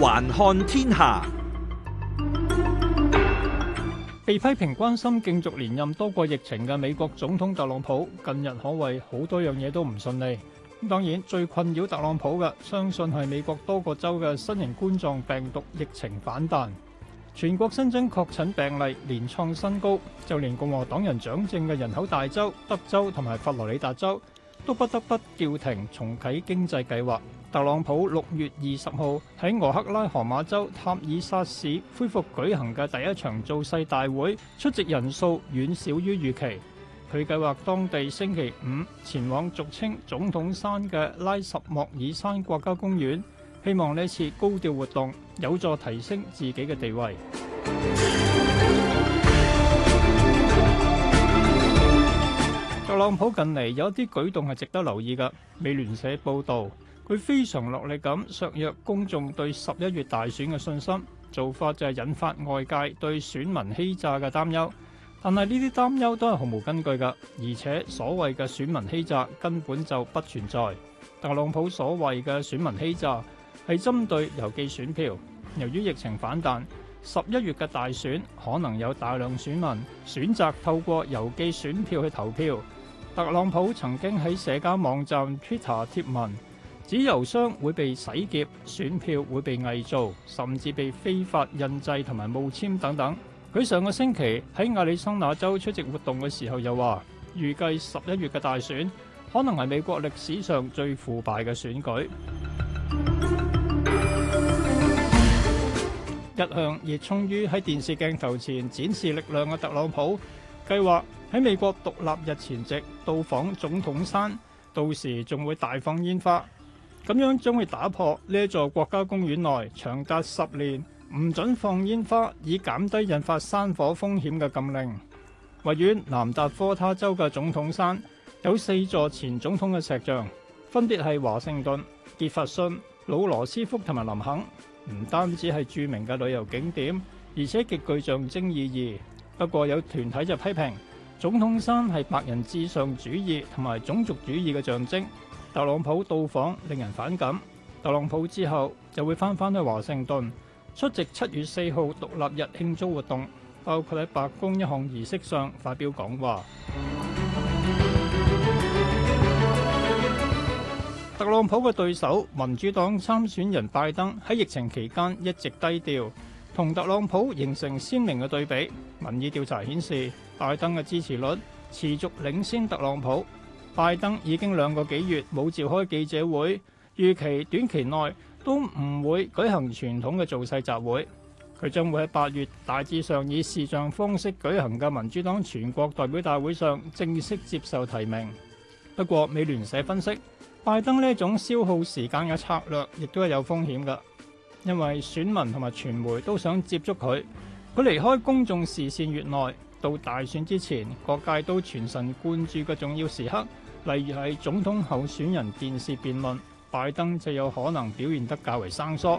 環看天下，被批評關心競逐連任多過疫情嘅美國總統特朗普，近日可謂好多樣嘢都唔順利。當然，最困擾特朗普嘅，相信係美國多個州嘅新型冠狀病毒疫情反彈，全國新增確診病例連創新高，就連共和黨人掌政嘅人口大州德州同埋佛羅里達州，都不得不叫停重啟經濟計劃。特朗普六月二十號喺俄克拉荷馬州塔爾薩市恢復舉行嘅第一場造勢大會出席人數遠少於預期。佢計劃當地星期五前往俗稱總統山嘅拉什莫爾山國家公園，希望呢次高調活動有助提升自己嘅地位。特朗普近嚟有一啲舉動係值得留意㗎。美聯社報道，佢非常落力咁削弱公眾對十一月大選嘅信心，做法就係引發外界對選民欺詐嘅擔憂。但係呢啲擔憂都係毫無根據㗎，而且所謂嘅選民欺詐根本就不存在。特朗普所謂嘅選民欺詐係針對郵寄選票。由於疫情反彈，十一月嘅大選可能有大量選民選擇透過郵寄選票去投票。特朗普曾經喺社交網站 Twitter 貼文，指郵箱會被洗劫，選票會被偽造，甚至被非法印製同埋冒簽等等。佢上個星期喺亞利桑那州出席活動嘅時候又話，預計十一月嘅大選可能係美國歷史上最腐敗嘅選舉。一向熱衷於喺電視鏡頭前展示力量嘅特朗普，計劃喺美國獨立日前夕到訪總統山，到時仲會大放煙花，咁樣將會打破呢一座國家公園內長達十年唔准放煙花以減低引發山火風險嘅禁令。位於南達科他州嘅總統山有四座前總統嘅石像，分別係華盛頓、傑佛遜、老羅斯福同埋林肯。唔單止係著名嘅旅遊景點，而且極具象徵意義。不過有團體就批評，總統山係白人至上主義同埋種族主義嘅象徵，特朗普到訪令人反感。特朗普之後就會翻返去華盛頓出席七月四號獨立日慶祝活動，包括喺白宮一項儀式上發表講話。特朗普嘅對手民主黨參選人拜登喺疫情期間一直低調。同特朗普形成鮮明嘅對比，民意調查顯示拜登嘅支持率持續領先特朗普。拜登已經兩個幾月冇召開記者會，預期短期內都唔會舉行傳統嘅造勢集會。佢將會喺八月大致上以視像方式舉行嘅民主黨全國代表大會上正式接受提名。不過，美聯社分析，拜登呢種消耗時間嘅策略，亦都係有風險㗎。因為選民同埋傳媒都想接觸佢，佢離開公眾視線越耐，到大選之前，各界都全神貫注嘅重要時刻，例如係總統候選人電視辯論，拜登就有可能表現得較為生疏。